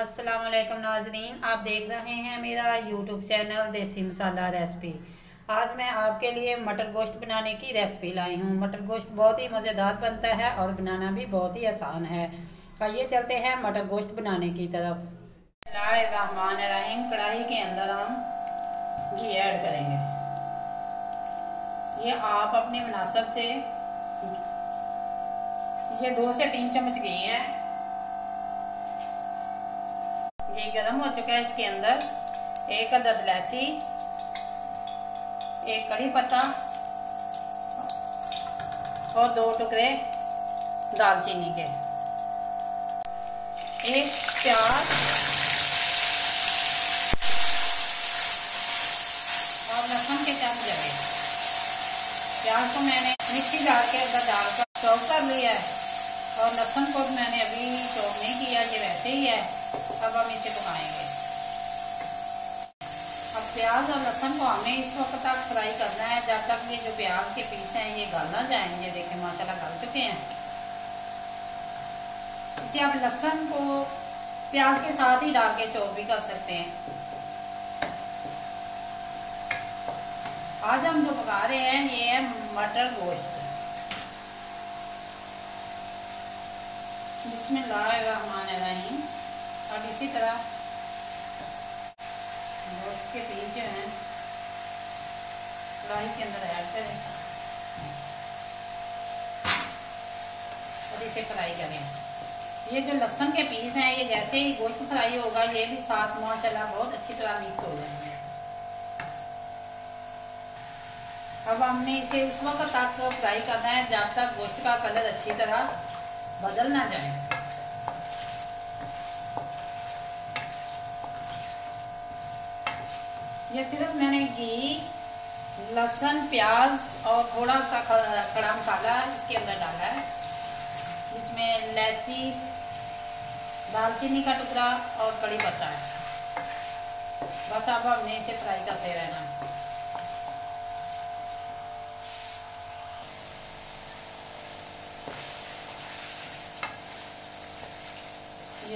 असलम नाजरीन आप देख रहे हैं मेरा यूट्यूब चैनल देसी मसाला रेसिपी आज मैं आपके लिए मटर गोश्त बनाने की रेसिपी लाई हूँ मटर गोश्त बहुत ही मज़ेदार बनता है और बनाना भी बहुत ही आसान है आइए चलते हैं मटर गोश्त बनाने की तरफ कढ़ाई के अंदर हम घी ऐड करेंगे ये आप अपने मुनासब से ये दो से तीन चम्मच घी है ये गर्म हो चुका है इसके अंदर एक अदद इलायची एक कड़ी पत्ता और दो टुकड़े दालचीनी के एक प्याज और लहसुन के चम लगे प्याज को मैंने मिक्सी डाल के अंदर डालकर चौक कर लिया है और लहसुन को मैंने अभी चौक नहीं किया ये वैसे ही है अब हम इसे पकाएंगे अब प्याज और लहसुन को हमें इस वक्त तक फ्राई करना है जब तक ये जो प्याज के पीस हैं ये गल ना जाएंगे देखें माशाल्लाह गल चुके हैं इसे आप लहसुन को प्याज के साथ ही डाल के चॉप भी कर सकते हैं आज हम जो पका रहे हैं ये है मटर गोश्त बिस्मिल्लाह रहमान रहीम और इसी तरह गोश्त के पीस जो हैं कढ़ाई के अंदर ऐड करें और इसे फ्राई करें ये जो लहसुन के पीस हैं ये जैसे ही गोश्त फ्राई होगा ये भी साथ माशाल्लाह बहुत अच्छी तरह मिक्स हो जाएंगे अब हमने इसे उस वक्त तक फ्राई करना है जब तक गोश्त का कलर अच्छी तरह बदल ना जाए ये सिर्फ मैंने घी लहसन प्याज और थोड़ा सा खड़ा मसाला इसके अंदर डाला है इसमें इलायची दालचीनी का टुकड़ा और कड़ी पत्ता है बस अब हमने इसे फ्राई करते रहना है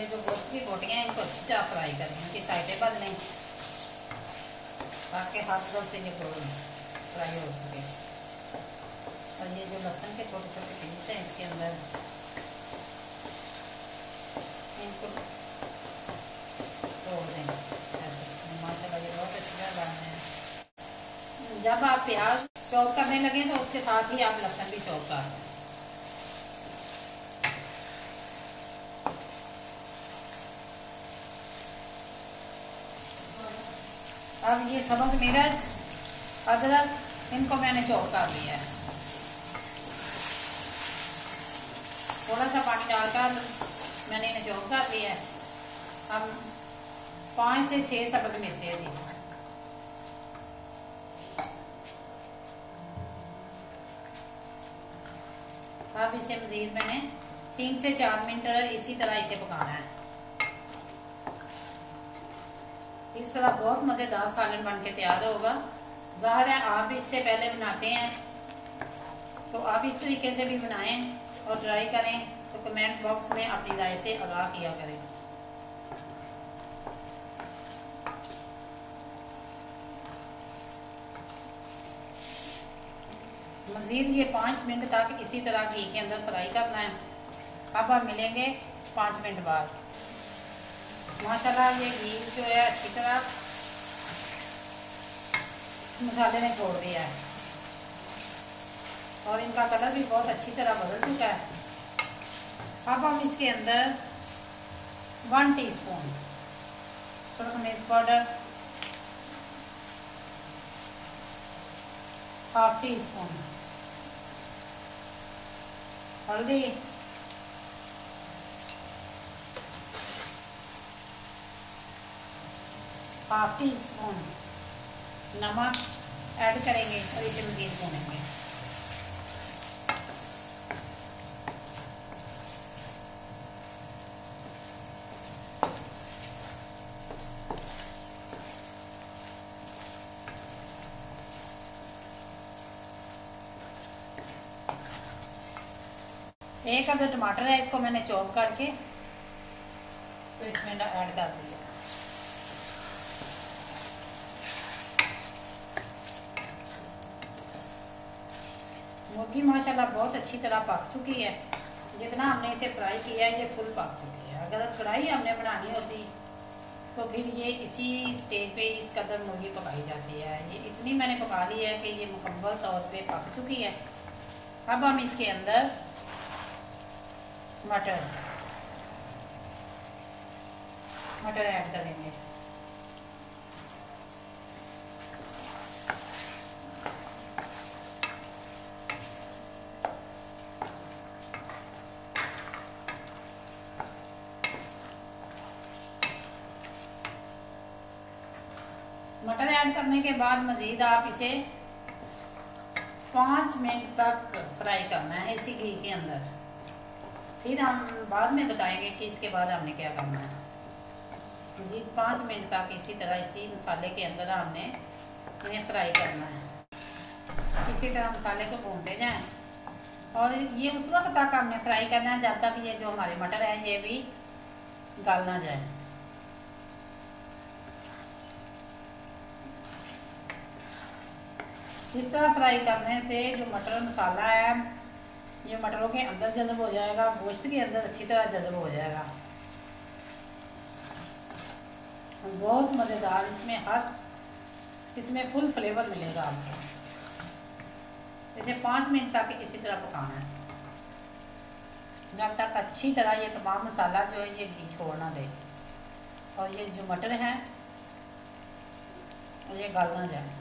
ये जो गोश्त की बोटियाँ हैं इनको अच्छी तरह फ्राई करनी है इनकी साइडें बदलें आपके हाथ गोल से ये गोल फ्राई हो सके और ये जो लहसुन के छोटे छोटे पीस हैं इसके अंदर इनको तोड़ दें ऐसे माशाला ये बहुत अच्छी तरह डाल हैं जब आप प्याज चौक करने लगे तो उसके साथ ही आप लहसुन भी चौक कर दें अब ये सबज मिर्च अदरक इनको मैंने चौक कर दिया है थोड़ा सा पानी डालकर मैंने इन्हें चौक कर लिया है अब पाँच से छः सबज मिर्चें दी अब इसे मज़ीद मैंने तीन से चार मिनट इसी तरह इसे पकाना है इस तरह बहुत मज़ेदार सालन बन के तैयार होगा ज़ाहिर है आप इससे पहले बनाते हैं तो आप इस तरीके से भी बनाएं और ट्राई करें तो कमेंट बॉक्स में अपनी राय से आगाह किया करें मज़ीद ये पाँच मिनट तक इसी तरह घी के अंदर फ्राई करना है अब आप मिलेंगे पाँच मिनट बाद माशाल्लाह ये घी जो है अच्छी तरह मसाले ने छोड़ दिया है और इनका कलर भी बहुत अच्छी तरह बदल चुका है अब हम इसके अंदर वन टीस्पून सुरख मिर्च पाउडर हाफ टी स्पून हल्दी हाफ टी स्पून नमक ऐड करेंगे और इसे मज़ीद भूनेंगे एक अंदर टमाटर है इसको मैंने चॉप करके तो इसमें ऐड कर दिया मुर्गी माशाल्लाह बहुत अच्छी तरह पक चुकी है जितना हमने इसे फ्राई किया है ये फुल पक चुकी है अगर फ्राई हमने बनानी होती तो फिर ये इसी स्टेज पे इस कदर मुर्गी पकाई जाती है ये इतनी मैंने पका ली है कि ये मुकम्मल तौर पे पक चुकी है अब हम इसके अंदर मटर मटर ऐड करेंगे मटर ऐड करने के बाद मज़ीद आप इसे पाँच मिनट तक फ्राई करना है इसी घी के अंदर फिर हम बाद में बताएंगे कि इसके बाद हमने क्या करना है मज़ीद पाँच मिनट तक इसी तरह इसी मसाले के अंदर हमने इन्हें फ्राई करना है इसी तरह मसाले को भूनते जाएं और ये उस वक्त तक हमने फ्राई करना है जब तक ये जो हमारे मटर हैं ये भी गल ना जाए इस तरह फ्राई करने से जो मटर मसाला है ये मटरों के अंदर जज्ब हो जाएगा गोश्त के अंदर अच्छी तरह जज़ब हो जाएगा बहुत मज़ेदार इसमें हर इसमें फुल फ्लेवर मिलेगा आपको इसे पाँच मिनट तक इसी तरह पकाना है जब तक अच्छी तरह ये तमाम मसाला जो है ये घी छोड़ना दे और ये जो मटर है ये गल ना जाए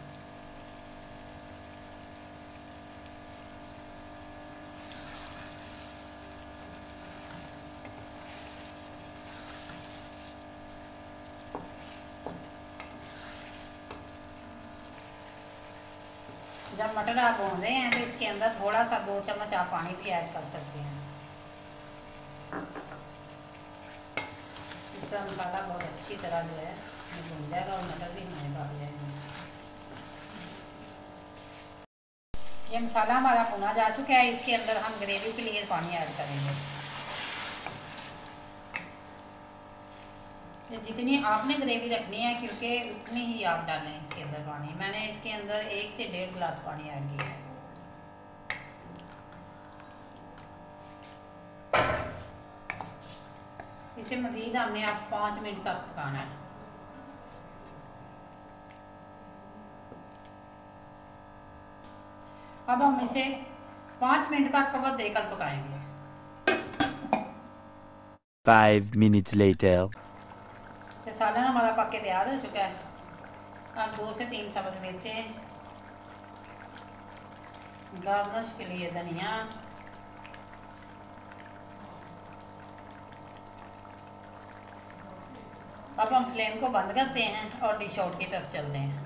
जब मटर आप भून रहे हैं तो इसके अंदर थोड़ा सा दो चम्मच आप पानी भी ऐड कर सकते हैं इस तरह मसाला बहुत अच्छी तरह जो है भून जाएगा और मटर भी हमारे पक जाएंगे ये मसाला हमारा भुना जा चुका है इसके अंदर हम ग्रेवी के लिए पानी ऐड करेंगे तो जितनी आपने ग्रेवी रखनी है क्योंकि उतनी ही आप डालें इसके अंदर पानी मैंने इसके अंदर एक से डेढ़ गिलास पानी ऐड किया है इसे मज़ीद हमने आप पाँच मिनट तक पकाना है अब हम इसे पाँच मिनट तक कवर देकर पकाएंगे Five minutes later. ना हमारा पाके तैयार हो चुका है अब दो से तीन चम्मच मिर्चे गार्निश के लिए धनिया अब हम फ्लेम को बंद करते हैं और डिश आउट की तरफ चलते हैं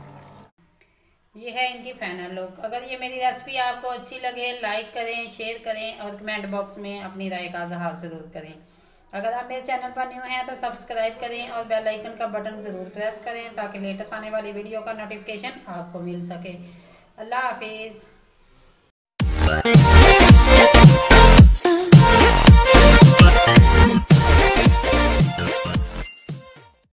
ये है इनकी फाइनल लुक अगर ये मेरी रेसिपी आपको अच्छी लगे लाइक करें शेयर करें और कमेंट बॉक्स में अपनी राय का इजहार ज़रूर करें अगर आप मेरे चैनल पर न्यू हैं तो सब्सक्राइब करें और बेल आइकन का बटन ज़रूर प्रेस करें ताकि लेटेस्ट आने वाली वीडियो का नोटिफिकेशन आपको मिल सके अल्लाह हाफिज़